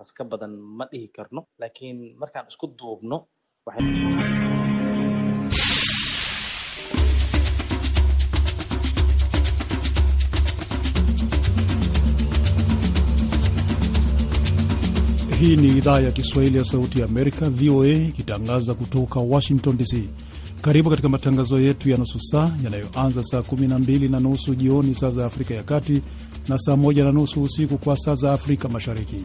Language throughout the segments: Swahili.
kas ka badan ma dhihi karno laakiin markaan isku duubno Hii ni idhaa ya Kiswahili ya Sauti ya Amerika, VOA, ikitangaza kutoka Washington DC. Karibu katika matangazo yetu ya nusu saa yanayoanza saa 12 na nusu jioni saa za Afrika ya Kati na saa 1 na nusu usiku kwa saa za Afrika Mashariki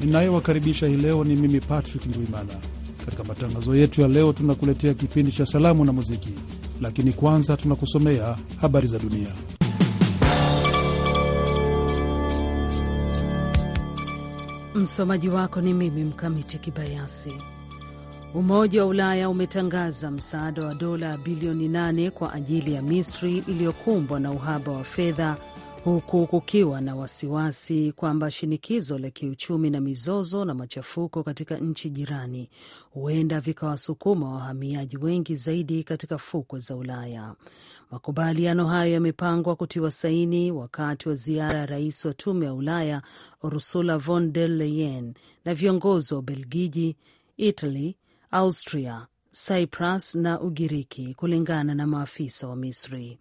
ninayowakaribisha hii leo ni mimi Patrick Ndwimana. Katika matangazo yetu ya leo, tunakuletea kipindi cha salamu na muziki, lakini kwanza tunakusomea habari za dunia. Msomaji wako ni mimi Mkamiti Kibayasi. Umoja wa Ulaya umetangaza msaada wa dola bilioni 8 kwa ajili ya Misri iliyokumbwa na uhaba wa fedha huku kukiwa na wasiwasi kwamba shinikizo la kiuchumi na mizozo na machafuko katika nchi jirani huenda vikawasukuma wahamiaji wengi zaidi katika fukwe za Ulaya. Makubaliano hayo yamepangwa kutiwa saini wakati wa ziara ya rais wa tume ya Ulaya Ursula von der Leyen na viongozi wa Ubelgiji, Italy, Austria, Cyprus na Ugiriki, kulingana na maafisa wa Misri.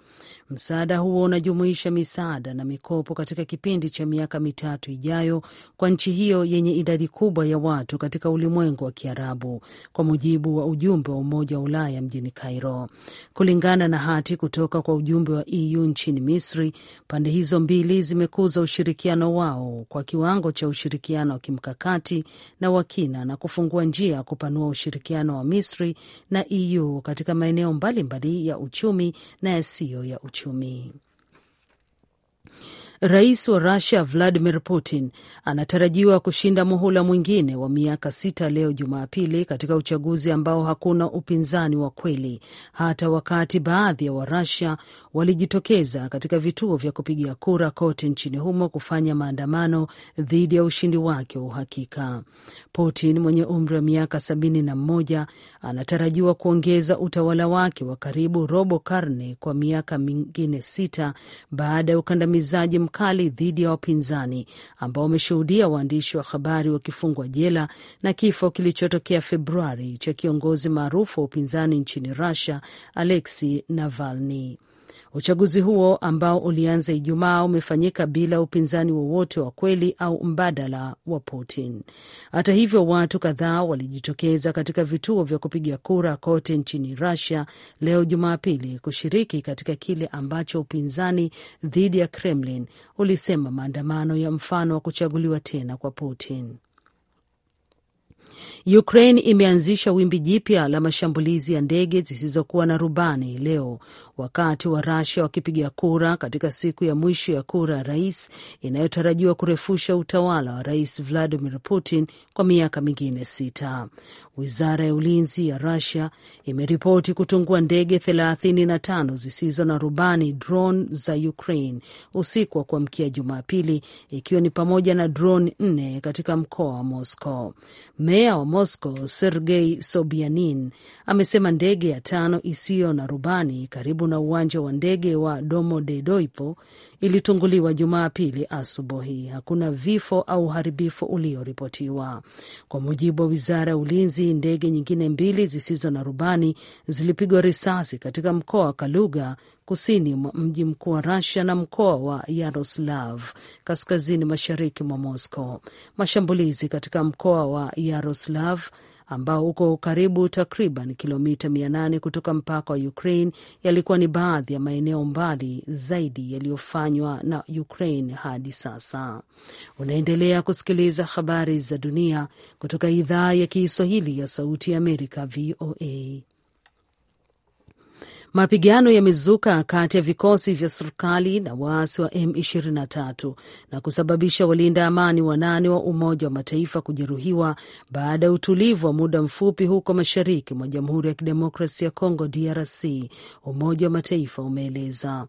Msaada huo unajumuisha misaada na mikopo katika kipindi cha miaka mitatu ijayo kwa nchi hiyo yenye idadi kubwa ya watu katika ulimwengu wa Kiarabu, kwa mujibu wa ujumbe wa Umoja wa Ulaya mjini Cairo. Kulingana na hati kutoka kwa ujumbe wa EU nchini Misri, pande hizo mbili zimekuza ushirikiano wao kwa kiwango cha ushirikiano wa kimkakati na wa kina na kufungua njia ya kupanua ushirikiano wa Misri na EU katika maeneo mbalimbali ya uchumi na yasiyo ya uchumi. Rais wa Rusia Vladimir Putin anatarajiwa kushinda muhula mwingine wa miaka sita leo Jumapili, katika uchaguzi ambao hakuna upinzani wa kweli, hata wakati baadhi ya Warusia walijitokeza katika vituo vya kupigia kura kote nchini humo kufanya maandamano dhidi ya ushindi wake wa uhakika. Putin mwenye umri wa miaka sabini na mmoja anatarajiwa kuongeza utawala wake wa karibu robo karne kwa miaka mingine sita baada ya ukandamizaji mkali dhidi ya wapinzani ambao wameshuhudia waandishi wa habari wakifungwa jela na kifo kilichotokea Februari cha kiongozi maarufu wa upinzani nchini Russia Alexei Navalny. Uchaguzi huo ambao ulianza Ijumaa umefanyika bila upinzani wowote wa kweli au mbadala wa Putin. Hata hivyo, watu kadhaa walijitokeza katika vituo vya kupiga kura kote nchini Russia leo Jumapili kushiriki katika kile ambacho upinzani dhidi ya Kremlin ulisema maandamano ya mfano wa kuchaguliwa tena kwa Putin. Ukraine imeanzisha wimbi jipya la mashambulizi ya ndege zisizokuwa na rubani leo wakati wa Rasia wakipiga kura katika siku ya mwisho ya kura ya rais inayotarajiwa kurefusha utawala wa Rais Vladimir Putin kwa miaka mingine sita. Wizara ya ulinzi ya Russia imeripoti kutungua ndege 35 zisizo na rubani drone za Ukraine usiku wa kuamkia Jumapili, ikiwa ni pamoja na drone nne katika mkoa wa Moscow. Meya wa Moscow Sergei sobianin amesema ndege ya tano isiyo na rubani karibu karibu na uwanja wa ndege wa Domo de Doipo ilitunguliwa Jumapili asubuhi. Hakuna vifo au uharibifu ulioripotiwa. Kwa mujibu wa wizara ya ulinzi, ndege nyingine mbili zisizo na rubani zilipigwa risasi katika mkoa wa Kaluga kusini mwa mji mkuu wa Russia na mkoa wa Yaroslav kaskazini mashariki mwa Moscow. Mashambulizi katika mkoa wa Yaroslav ambao uko karibu takriban kilomita 8 kutoka mpaka wa Ukraine yalikuwa ni baadhi ya maeneo mbali zaidi yaliyofanywa na Ukraine hadi sasa. Unaendelea kusikiliza habari za dunia kutoka idhaa ya Kiswahili ya Sauti ya Amerika, VOA. Mapigano yamezuka kati ya vikosi vya serikali na waasi wa M23 na kusababisha walinda amani wanane wa Umoja wa Mataifa kujeruhiwa baada ya utulivu wa muda mfupi huko mashariki mwa Jamhuri ya Kidemokrasia ya Kongo, DRC, Umoja wa Mataifa umeeleza.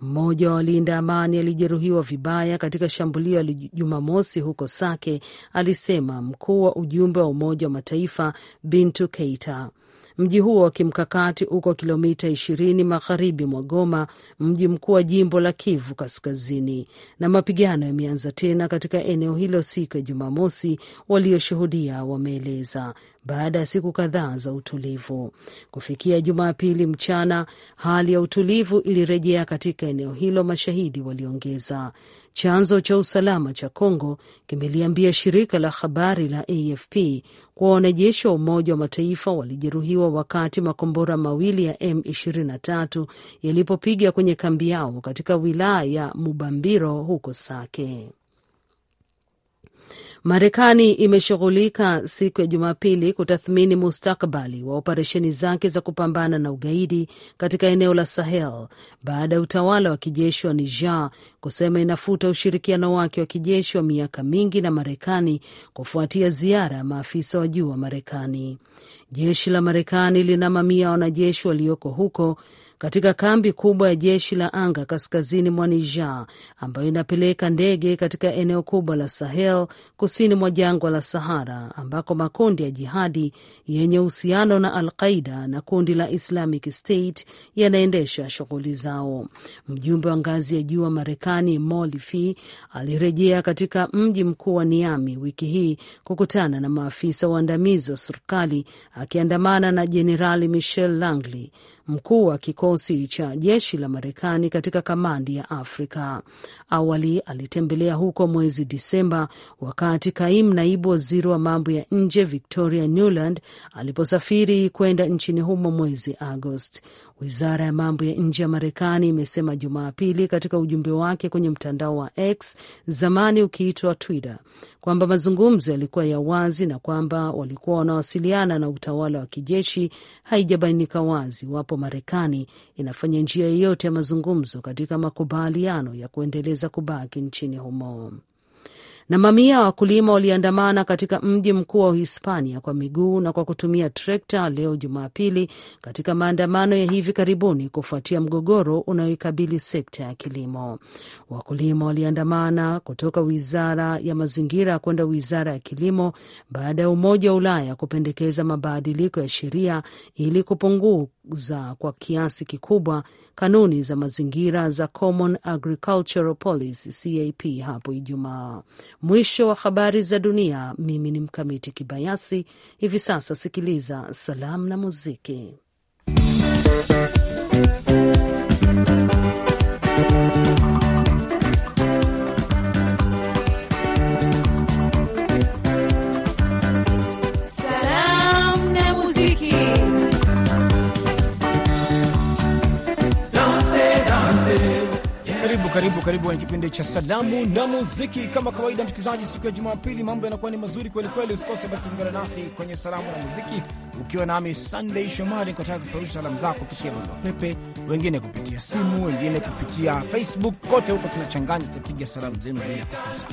Mmoja wa walinda amani alijeruhiwa vibaya katika shambulio la Jumamosi huko Sake, alisema mkuu wa ujumbe wa Umoja wa Mataifa Bintu Keita. Mji huo wa kimkakati uko kilomita 20 magharibi mwa Goma, mji mkuu wa jimbo la Kivu Kaskazini, na mapigano yameanza tena katika eneo hilo siku ya Jumamosi, walioshuhudia wameeleza baada ya siku kadhaa za utulivu. Kufikia Jumapili mchana, hali ya utulivu ilirejea katika eneo hilo, mashahidi waliongeza. Chanzo cha usalama cha Kongo kimeliambia shirika la habari la AFP kuwa wanajeshi wa Umoja wa Mataifa walijeruhiwa wakati makombora mawili ya M23 yalipopiga kwenye kambi yao katika wilaya ya Mubambiro huko Sake. Marekani imeshughulika siku ya Jumapili kutathmini mustakabali wa operesheni zake za kupambana na ugaidi katika eneo la Sahel baada ya utawala wa kijeshi wa Niger kusema inafuta ushirikiano wake wa kijeshi wa miaka mingi na Marekani kufuatia ziara ya maafisa wa juu wa Marekani. Jeshi la Marekani lina mamia wanajeshi walioko huko katika kambi kubwa ya jeshi la anga kaskazini mwa Niger ambayo inapeleka ndege katika eneo kubwa la Sahel kusini mwa jangwa la Sahara ambako makundi ya jihadi yenye uhusiano na Al-Qaida na kundi la Islamic State yanaendesha shughuli zao. Mjumbe wa ngazi ya juu wa Marekani Molifi alirejea katika mji mkuu wa Niami wiki hii kukutana na maafisa waandamizi wa serikali akiandamana na Jenerali Michel Langley mkuu wa kikosi cha jeshi la Marekani katika kamandi ya Afrika. Awali alitembelea huko mwezi Disemba, wakati kaimu naibu waziri wa mambo ya nje Victoria Newland aliposafiri kwenda nchini humo mwezi Agosti. Wizara ya mambo ya nje ya Marekani imesema Jumapili katika ujumbe wake kwenye mtandao wa X, zamani ukiitwa Twitter, kwamba mazungumzo yalikuwa ya wazi na kwamba walikuwa wanawasiliana na utawala wa kijeshi. Haijabainika wazi iwapo Marekani inafanya njia yeyote ya mazungumzo katika makubaliano ya kuendeleza kubaki nchini humo na mamia ya wakulima waliandamana katika mji mkuu wa Uhispania kwa miguu na kwa kutumia trekta leo Jumapili, katika maandamano ya hivi karibuni kufuatia mgogoro unaoikabili sekta ya kilimo. Wakulima waliandamana kutoka wizara ya mazingira kwenda wizara ya kilimo baada ya Umoja wa Ulaya kupendekeza mabadiliko ya sheria ili kupunguza kwa kiasi kikubwa kanuni za mazingira za Common Agricultural Policy CAP hapo Ijumaa. Mwisho wa habari za dunia. Mimi ni Mkamiti Kibayasi. Hivi sasa sikiliza salamu na muziki. Karibu karibu kwenye kipindi cha salamu na muziki. Kama kawaida, msikilizaji, siku ya Jumapili mambo yanakuwa ni mazuri kwelikweli. Usikose basi kuungana nasi kwenye salamu na muziki, ukiwa nami Sunday Shomari. Nataka kupeperusha salamu zako kupitia barua pepe, wengine kupitia simu, wengine kupitia Facebook. Kote huko tunachanganya, tupiga salamu zenu bila kukosa.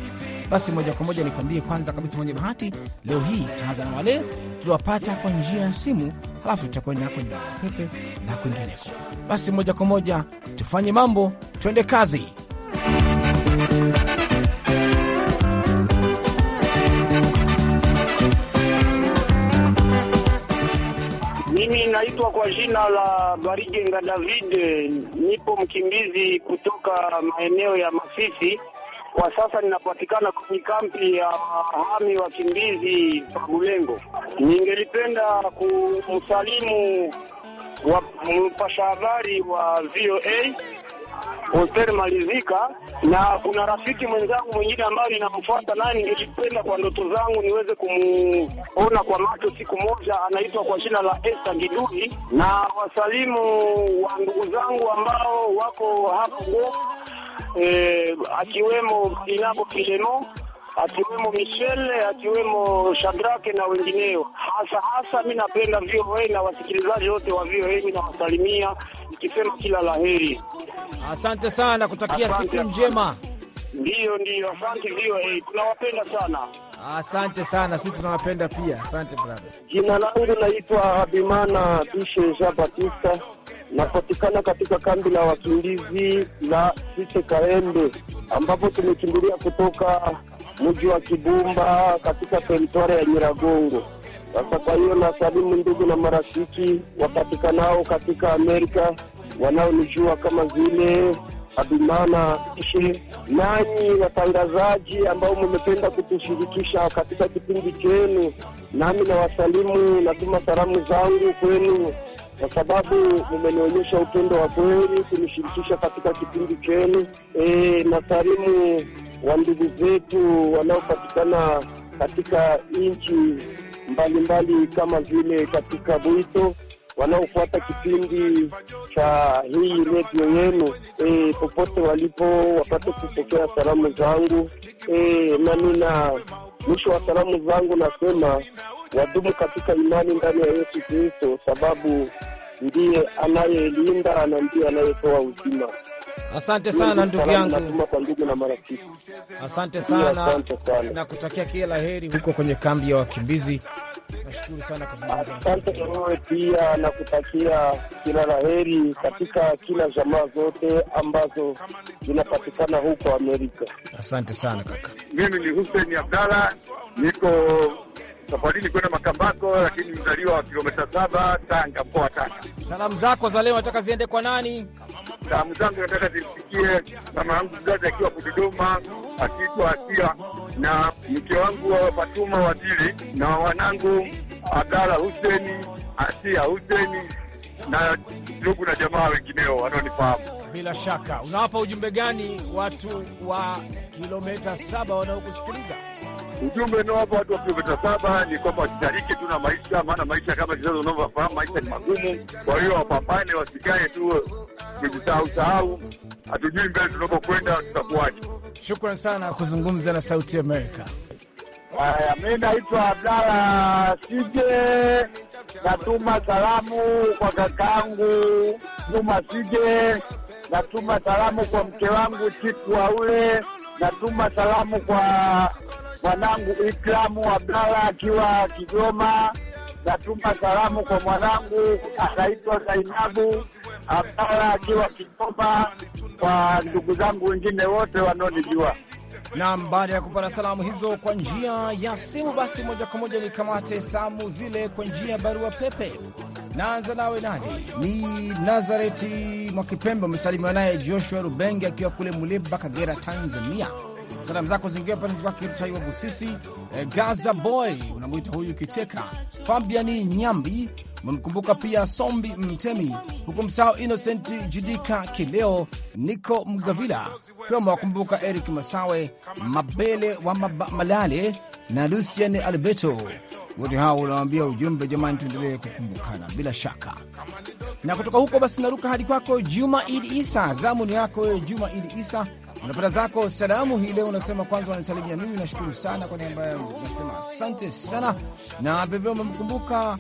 Basi moja kwa moja nikwambie, kwanza kabisa mwenye bahati leo hii taanza na wale tuliwapata kwa njia ya simu alafu tutakwenda kwenye barua pepe na kwingineko. Basi moja kwa moja tufanye mambo, twende kazi. Mimi naitwa kwa jina la Barigenga David, nipo mkimbizi kutoka maeneo ya Masisi. Kwa sasa ninapatikana kwenye kambi ya hami wakimbizi Pagulengo. Ningelipenda kumsalimu wa mpasha habari wa VOA Hoster Malizika, na kuna rafiki mwenzangu mwingine ambaye ninamfuata naye, ningelipenda kwa ndoto zangu niweze kumuona kwa macho siku moja. Anaitwa kwa jina la Esther Gidui, na wasalimu wa ndugu zangu ambao wako hapo Goma eh, akiwemo Dinabo Kilemo, akiwemo Michel, akiwemo Shadrake na wengineo. Hasa hasa mi napenda VOA na wasikilizaji wote wa VOA mi nawasalimia nikisema kila laheri. Asante sana, kutakia asante siku njema. Ndiyo, ndiyo, asante VOA, tunawapenda sana. Asante sana, sisi tunawapenda pia. Asante brother. Jina langu naitwa Abimana Bishe Jean Baptiste. Napatikana katika kambi la wakimbizi la Sise Kaembe, ambapo tumekimbilia kutoka mji wa Kibumba katika teritwari ya Nyiragongo. Sasa kwa hiyo nasalimu ndugu na marafiki wapatikanao katika Amerika wanaonijua kama vile Abimana Ishi, nanyi watangazaji ambao mmependa kutushirikisha katika kipindi chenu, nami na wasalimu, natuma salamu zangu kwenu kwa sababu mumenionyesha upendo wa kweli kunishirikisha katika kipindi chenu. E, na karimu wa ndugu zetu wanaopatikana katika nchi mbalimbali kama vile katika Bwito wanaofuata kipindi cha hii redio yenu e, popote walipo wapate kupokea salamu zangu e, na nina Mwisho wa salamu zangu nasema wadumu katika imani ndani ya Yesu Kristo, sababu ndiye anayelinda na ndiye anayetoa uzima. Asante sana ndugu yangu, asante sana na kutakia kila la heri huko kwenye kambi ya wakimbizi Nashukuru sana kwa kuzungumza. Asante wewe pia, na kutakia kila la heri katika kila jamaa zote ambazo zinapatikana huko Amerika. Asante sana kaka. Mimi ni Hussein Abdalla, niko safarini kwenda Makambako, lakini mzaliwa wa kilomita saba, Tanga, mkoa wa Tanga. Salamu zako za leo nataka ziende kwa nani? Salamu zangu nataka zimfikie mama yangu mzazi akiwa Kudodoma, akiitwa Asia, na mke wangu wa Fatuma Wazili, na wanangu Abdala Huseni, Asia Huseni na ndugu na jamaa wengineo wanaonifahamu. Bila shaka, unawapa ujumbe gani watu wa kilomita saba wanaokusikiliza? Ujumbe nao watu wapige vita saba ni kwamba wasitariki tu na maisha, maana maisha kama kizazi unavyofahamu, maisha ni magumu. Kwa hiyo wapambane, wasikae tu kujisahau sahau. Hatujui mbele tunapokwenda tutakuwaje. Shukran sana kuzungumza na Sauti Amerika. Haya, mi naitwa Abdala Sije, natuma salamu kwa kakaangu Juma Sije, natuma salamu kwa mke wangu Tiku Aule, natuma salamu kwa mwanangu islamu Abdalla akiwa Kigoma. Natuma salamu kwa mwanangu anaitwa Zainabu Abdalla akiwa Kigoma, kwa ndugu zangu wengine wote wanaonijua. Naam, baada ya kupata salamu hizo kwa njia ya simu, basi moja kwa moja nikamate salamu zile kwa njia ya barua pepe. Naanza nawe nani? Ni Nazareti Mwakipembe, umesalimu naye Joshua Rubenge akiwa kule Muleba, Kagera, Tanzania. Salamu zako zingia pale kwake Rutaiwa Busisi, eh, Gaza Boy unamwita huyu kiteka Fabiani Nyambi umemkumbuka pia Sombi Mtemi, huku msao Innocent Judika Kileo, Niko Mgavila pia umewakumbuka Eric Masawe, Mabele wa Malale na Lucian Alberto. Wote hao unawambia ujumbe, jamani, tuendelee kukumbukana bila shaka. Na kutoka huko basi naruka hadi kwako Juma Idi Isa, zamuni yako Juma Idi Isa unapata zako salamu hii leo. Unasema kwanza wanasalimia mimi, nashukuru sana kwa niaba nasema asante sana na vivyo umemkumbuka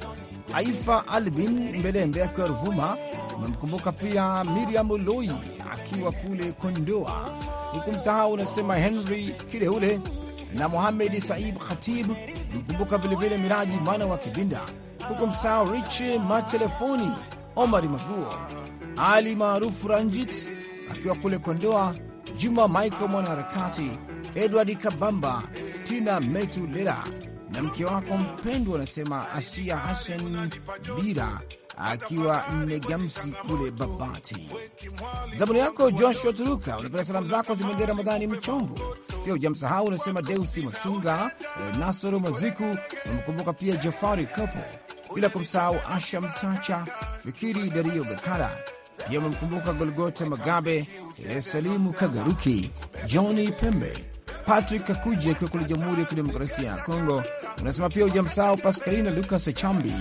Aifa Albin Mbelembe akiwa Ruvuma, umemkumbuka pia Miriam Loi akiwa kule Kondoa, huku msahau unasema Henry Kileule na Muhamed Saib Khatib, mkumbuka vilevile Miraji mwana wa Kibinda, huku msahau Rich Matelefoni, Omari Maguo, Ali maarufu Ranjit akiwa kule Kondoa Juma Michael, mwanaharakati Edward Kabamba, Tina Metulela na mke wako mpendwa, anasema Asia Hassan Bira akiwa Mnegamsi kule Babati. Zabuni yako Joshua Turuka, unapenda salamu zako zimwendea Ramadhani Mchombo, pia hujamsahau unasema Deusi Masunga, Nasoro Maziku, namkumbuka pia Jafari Kopo, bila kumsahau Asha Mtacha, Fikiri Dario Bekara, pia amemkumbuka Golgota Magabe, Salimu Kagaruki, Johni Pembe, Patrick kakuji akiwa kule Jamhuri ya Kidemokrasia ya Kongo. Unasema pia ujamsahau Paskalina Lukas Chambi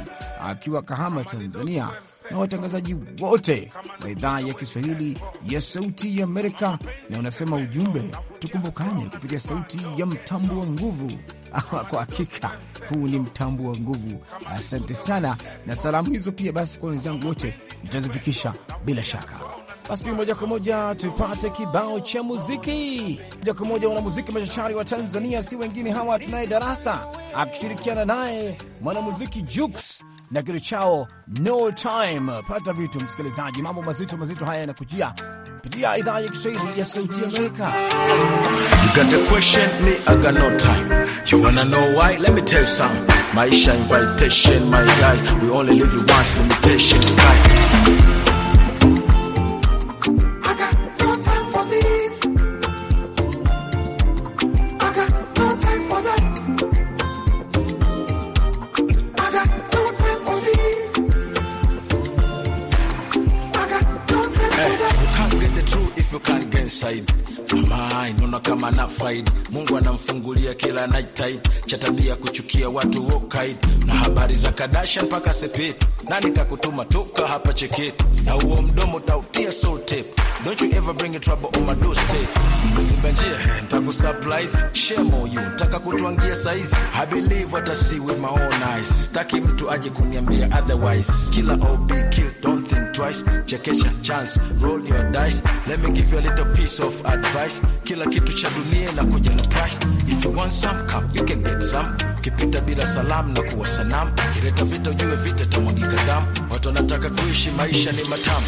akiwa Kahama, Tanzania, na watangazaji wote wa idhaa ya Kiswahili ya Sauti ya Amerika. Na unasema ujumbe, tukumbukane kupitia sauti ya mtambo wa nguvu ama kwa hakika huu ni mtambo wa nguvu. Asante sana, na salamu hizo pia basi kwa wenzangu wote nitazifikisha bila shaka. Basi moja kwa moja tupate kibao cha muziki. Moja kwa moja mwanamuziki machachari wa Tanzania, si wengine hawa, tunaye Darasa akishirikiana naye mwanamuziki Jux na kitu chao no time. Pata vitu msikilizaji, mambo mazito mazito haya yanakujia kupitia idhaa ya Kiswahili ya Sauti ya Amerika. You got a question, me I got no time. You wanna know why? Let me tell you something. Maisha invitation, my guy. We only live once, limitation sky kama na faid. Mungu anamfungulia kila night cha tabia kuchukia watu wokaid na habari za kadasha mpaka sepe. Nani kakutuma toka hapa cheke na huo mdomo tautia salt tape. Don't you ever bring a trouble on my doorstep. Mfunga njia nitakusurprise, shemo you ntaka kutuangia saizi. I believe what I see with my own eyes. staki mtu aje kuniambia otherwise. Killer or be killed, don't think twice. Chekecha chance, roll your dice. Let me give you a little piece of advice. Kila kitu cha dunia kuja na crash. If you want some cup, you can get some. Ukipita bila salamu na kuwa sanamu, ukileta vita ujue vita tamwagika damu. Watu wanataka kuishi maisha ni matamu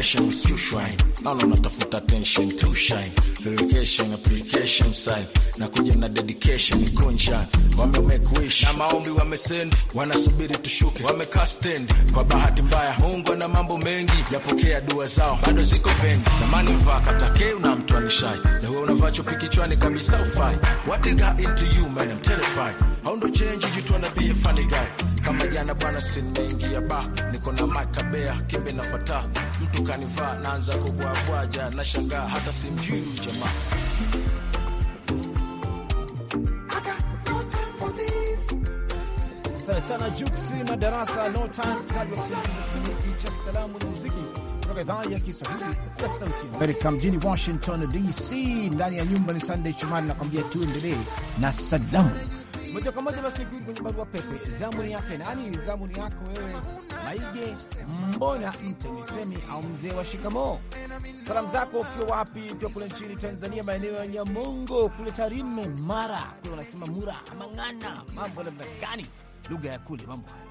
location with you shrine, naona unatafuta attention to shine, verification application sign, na kuja na dedication kuncha, wame make wish na maombi wame send, wanasubiri tushuke, wame cast end. Kwa bahati mbaya hungwa na mambo mengi, yapokea dua zao bado ziko pengi. Samani mvaa katake una mtu anishai, na wewe unavacho pikichwani kabisa ufai. What did got into you man, I'm terrified. How change you to wanna be a funny guy kama jana bwana, sinaingia ba niko na makabea kimbe na fata mtu kanivaa naanza kubwabwaja na shangaa hata simjui jamaa sana Juksi Madarasa no time kipindi cha salamu na muziki kutoka idhaa ya Kiswahili ya Sauti Amerika mjini Washington DC. Ndani ya nyumba ni Sunday Shomari nakwambia tuendelee na salamu moja kwa moja basi kurudi kwenye barua pepe. Zamuni yake nani? Zamuni yako wewe, Maige Mbona Mtemisemi au mzee wa shikamoo. Salamu zako ukiwa wapi? Ukiwa kule nchini Tanzania, maeneo ya Nyamongo kule Tarime, Mara kule wanasema mura ama ng'ana, mambo namna gani? Lugha ya kule mambo haya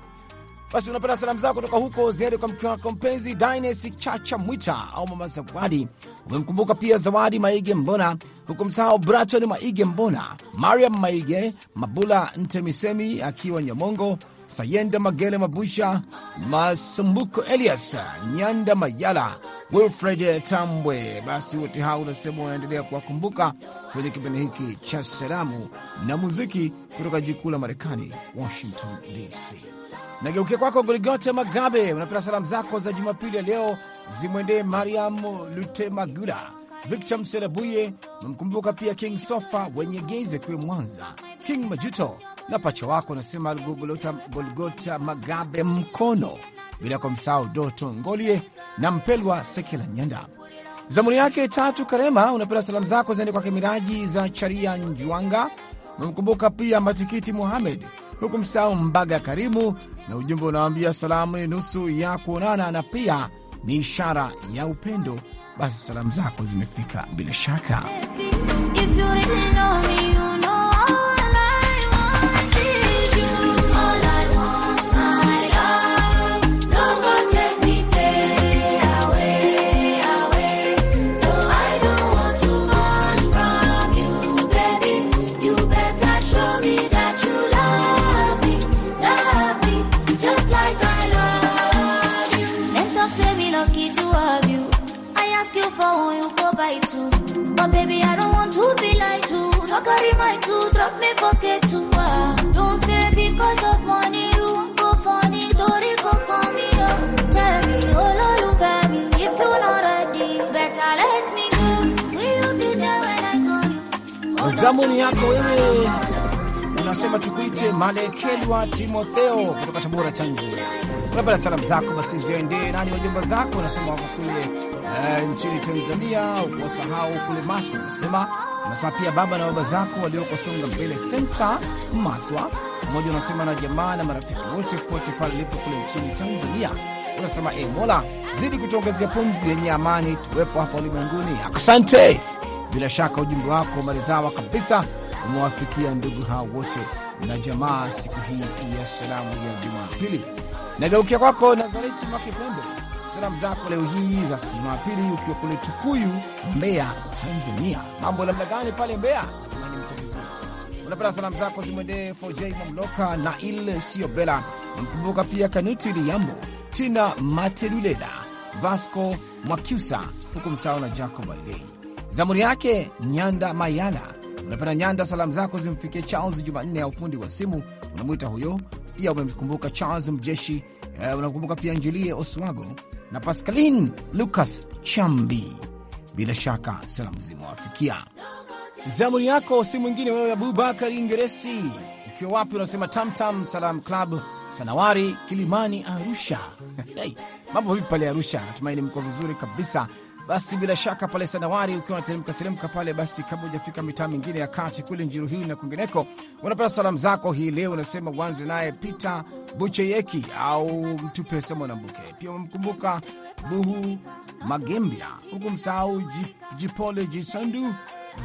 basi unapata salamu zako kutoka huko, ziende kwa mke wako mpenzi Dines Chacha Mwita au mama Zawadi. Umemkumbuka pia Zawadi Maige Mbona, msahau Braton Maige Mbona, Mariam Maige Mabula Ntemisemi akiwa Nyamongo, Sayenda Magele Mabusha, Masumbuko Elias Nyanda Mayala, Wilfred Tambwe. Basi wote hao unasema unaendelea kuwakumbuka kwenye kipindi hiki cha salamu na muziki kutoka jikuu la Marekani, Washington DC. Nageukia kwako Goligote Magabe, unapenda salamu zako za Jumapili ya leo zimwendee Mariam Lutemagula, Victor Mserebuye, namkumbuka pia King Sofa wenye Geze kwe Mwanza, King Majuto na pacha wako unasema Golgota Magabe Mkono, bila kumsahau Doto Ngolie na Mpelwa Sekela Nyanda. Zamuni yake tatu Karema, unapenda salamu zako zaende kwake Miraji za Charia Njwanga, namkumbuka pia Matikiti Muhamed huku msahau Mbaga Karimu, na ujumbe unawambia salamu ni nusu ya kuonana na pia ni ishara ya upendo. Basi salamu zako zimefika bila shaka. If you ask you for who you go by to. But baby, I don't want to be like you. No carry my two, drop me for get to. Ah. Don't say because of money you won't go funny. Tori go call me up. Tell me, all oh, you got me. If you're not ready, better let me go. Will you be there when I call you? Zamuni yako wewe. Unasema tukuite Malekelwa Timotheo kutoka Tabora, Tanzania. Unapata salamu zako basi ziende nani wajumba zako, unasema wako kule Eh, nchini Tanzania, wasahau kule Maswa anasema anasema pia baba na baba zako walioko Songa Mbele senta Maswa. Mmoja unasema na jamaa na marafiki wote pote pale lipo kule nchini Tanzania, unasema e, Mola zidi kutuongezea pumzi yenye amani tuwepo hapa ulimwenguni. Asante. Bila shaka ujumbe wako maridhawa kabisa umewafikia ndugu hao wote na jamaa siku hii ya salamu ya Jumapili. Nageukia kwako Nazareti Makipembe salamu zako leo hii za Jumapili ukiwa kule Tukuyu, Mbeya, Tanzania. Mambo namna gani pale Mbeya? Unapenda salamu zako zimwendee FJ Mamloka, Nail Siobela, namkumbuka pia Kanuti Liyambo, Tina Matelulela, Vasco Mwakyusa, huku msao na Jacob Ailei. Zamuri yake Nyanda Mayala, unapenda Nyanda, salamu zako zimfikie Charles Jumanne ya ufundi wa simu, unamwita huyo pia. Umemkumbuka Charles Mjeshi, eh, unamkumbuka pia Njilie Oswago na Pascalin Lucas Chambi. Bila shaka salamu zimewafikia. Zamuni yako si mwingine wewe Abubakar Ingeresi, ukiwa wapi unasema Tamtam Salam Club Sanawari Kilimani, Arusha. Hey, mambo vipi pale Arusha? Natumaini mko vizuri kabisa basi bila shaka pale Sanawari ukiwa unateremka teremka pale, basi kabla hujafika mitaa mingine ya kati kule njiru hii na kwingineko, unapata salamu zako hii leo. Unasema uanze naye Peter Bucheyeki au mtupe Samo na pia umemkumbuka Buhu Magembya, huku msahau Jipole Jisandu,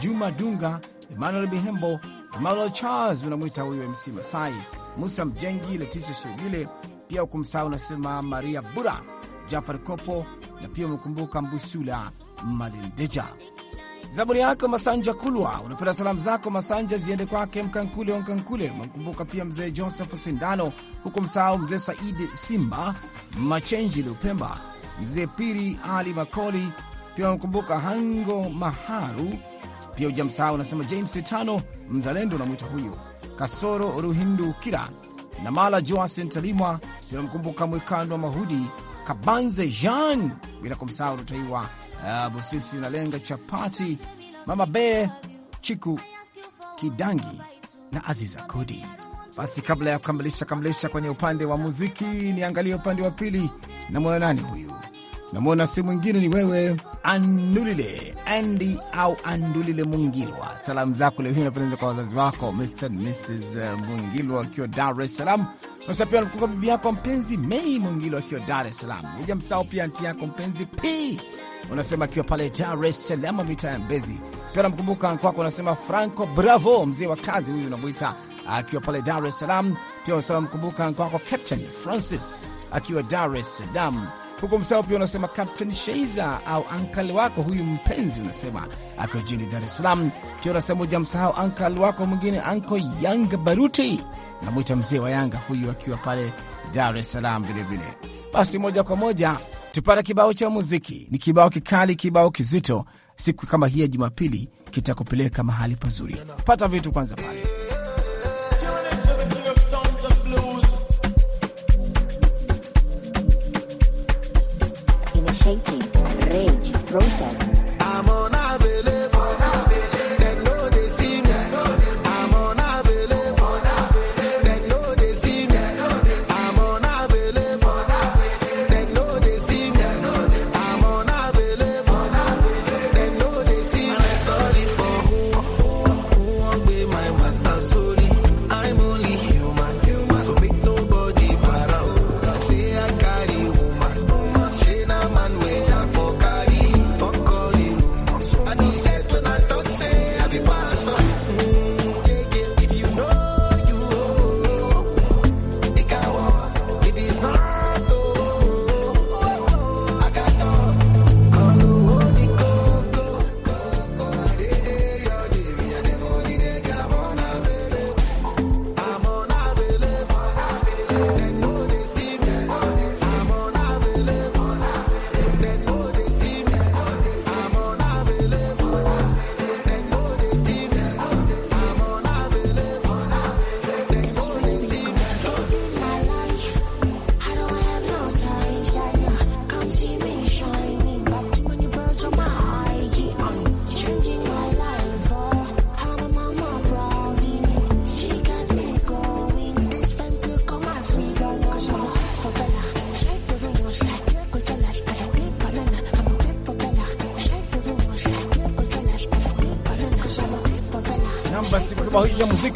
Juma Dunga, Emmanuel Bihembo, Emmanuel Charles, unamwita huyu MC Masai, Musa Mjengi, Letisha Shegile, pia msahau unasema Maria Bura Jafar Kopo na pia umekumbuka Mbusula Malendeja. Zaburi yako Masanja Kulwa, unapenda salamu zako Masanja ziende kwake Mkankule wa Mkankule. Umemkumbuka pia mzee Joseph Sindano, huku msahau mzee Saidi Simba Machenji Lupemba, mzee Piri Ali Makoli, pia umemkumbuka Hango Maharu, pia ujamsahau unasema James Tano Mzalendo unamwita huyu Kasoro Ruhindu Kira na Mala Joasen Talimwa, pia umemkumbuka Mwikando wa Mahudi Kabanze Jean, bila kumsahau Rutaiwa uh, Busisi lenga Chapati, Mama Be Chiku Kidangi na Aziza Kodi. Basi kabla ya kukamilisha kamilisha kwenye upande wa muziki, niangalie upande wa pili na mwananani huyu Namwona si mwingine ni wewe Andulile Andi au Andulile Mungilwa. Salamu zako leo hii napendeza kwa wazazi wako Mr Mrs eh, Mungilwa akiwa Dar es Salaam. Sasa pia nakumbuka bibi yako mpenzi Mei Mungilwa akiwa Dar es Salaam. msao pia anti yako mpenzi P unasema akiwa pale Dar es Salaam, mitaa ya Mbezi. Pia namkumbuka kwako, unasema Franco Bravo, mzee wa kazi huyu unamwita akiwa pale Dar es Salaam. Pia unasema mkumbuka kwako Captain Francis akiwa Dar es Salaam huko msao pia unasema Captain Sheiza au ankali wako huyu mpenzi, unasema akiwa jini Dar es Salaam. Pia unasema ujamsahau ankali wako mwingine, anko Yanga Baruti, namwita mzee wa Yanga huyu akiwa pale Dar es Salaam vilevile. Basi moja kwa moja tupata kibao cha muziki, ni kibao kikali, kibao kizito. Siku kama hii ya Jumapili kitakupeleka mahali pazuri. Pata vitu kwanza pale hating, rage, process.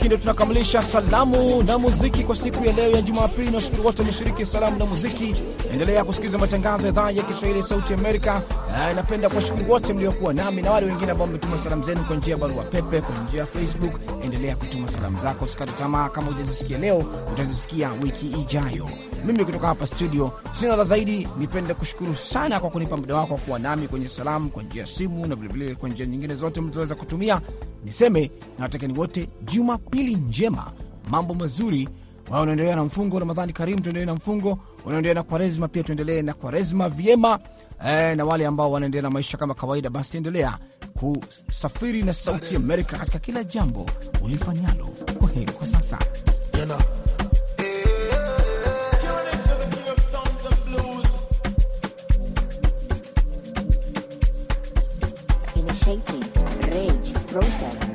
ndio tunakamilisha salamu na muziki kwa siku ya leo ya Jumapili. Na shukuru wote wameshiriki salamu na muziki. Endelea kusikiliza matangazo ya idhaa ya Kiswahili ya Sauti Amerika. Napenda kuwashukuru wote mliokuwa nami na wale wengine ambao mmetuma salamu zenu kwa njia ya barua pepe, kwa njia ya Facebook. Endelea kutuma salamu zako, sikate tamaa. Kama hujazisikia leo, utazisikia wiki ijayo. Mimi kutoka hapa studio sina la zaidi, nipende kushukuru sana kwa kunipa muda wako kuwa nami kwenye salamu kwa njia ya simu na vilevile kwa njia nyingine zote mlizoweza kutumia. Niseme na watakeni wote jumapili njema, mambo mazuri wao. Unaendelea na mfungo Ramadhani karimu, tuendelee na mfungo unaendelea na Kwaresma pia tuendelee na Kwaresma vyema. E, na wale ambao wanaendelea na maisha kama kawaida, basi endelea kusafiri na Sauti Amerika katika kila jambo ulifanyalo. Kwa heri kwa sasa yeah, Yena. meditating, rage, process,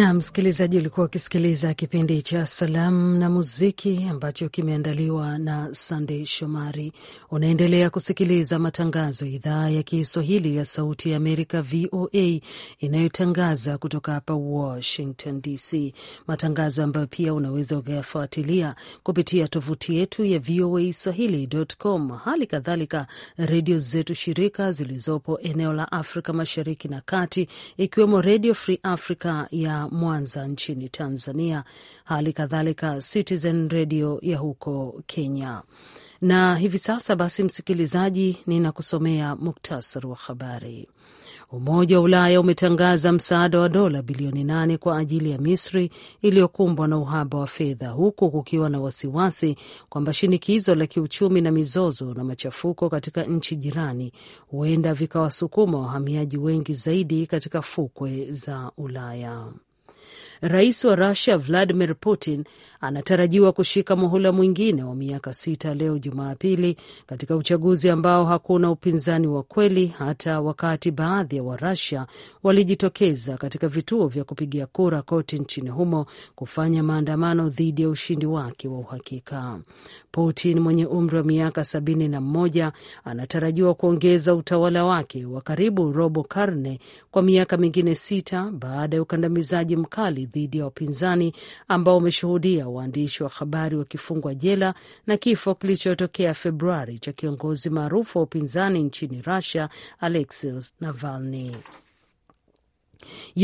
Na msikilizaji, ulikuwa ukisikiliza kipindi cha Salamu na Muziki ambacho kimeandaliwa na Sandey Shomari. Unaendelea kusikiliza matangazo ya idhaa ya Kiswahili ya Sauti ya Amerika, VOA, inayotangaza kutoka hapa Washington DC, matangazo ambayo pia unaweza ukayafuatilia kupitia tovuti yetu ya VOA Swahili.com, hali kadhalika redio zetu shirika zilizopo eneo la Afrika Mashariki na Kati, ikiwemo Redio Free Africa ya Mwanza nchini Tanzania, hali kadhalika Citizen Radio ya huko Kenya. Na hivi sasa basi, msikilizaji, ninakusomea muktasari wa habari. Umoja wa Ulaya umetangaza msaada wa dola bilioni nane kwa ajili ya Misri iliyokumbwa na uhaba wa fedha, huku kukiwa na wasiwasi kwamba shinikizo la kiuchumi na mizozo na machafuko katika nchi jirani huenda vikawasukuma wahamiaji wengi zaidi katika fukwe za Ulaya. Rais wa Rusia Vladimir Putin anatarajiwa kushika muhula mwingine wa miaka sita leo Jumapili, katika uchaguzi ambao hakuna upinzani wa kweli, hata wakati baadhi ya Warusia walijitokeza katika vituo vya kupigia kura kote nchini humo kufanya maandamano dhidi ya ushindi wake wa uhakika. Putin mwenye umri wa miaka sabini na mmoja anatarajiwa kuongeza utawala wake wa karibu robo karne kwa miaka mingine sita baada ya ukandamizaji mkali dhidi ya wapinzani ambao umeshuhudia waandishi wa habari wakifungwa jela na kifo kilichotokea Februari cha kiongozi maarufu wa upinzani nchini Russia Alexei Navalny.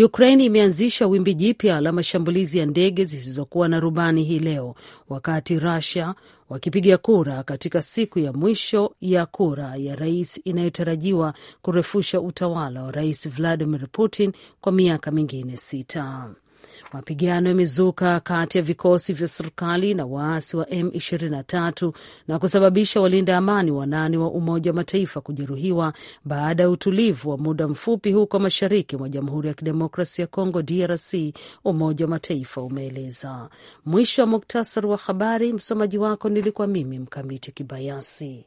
Ukraine imeanzisha wimbi jipya la mashambulizi ya ndege zisizokuwa na rubani hii leo wakati Russia wakipiga kura katika siku ya mwisho ya kura ya rais inayotarajiwa kurefusha utawala wa rais Vladimir Putin kwa miaka mingine sita. Mapigano yamezuka kati ya vikosi vya serikali na waasi wa M23 na kusababisha walinda amani wanane wa Umoja wa Mataifa kujeruhiwa baada ya utulivu wa muda mfupi huko mashariki mwa Jamhuri ya Kidemokrasia ya Kongo, DRC, Umoja wa Mataifa umeeleza. Mwisho wa muktasari wa habari. Msomaji wako nilikuwa mimi Mkamiti Kibayasi.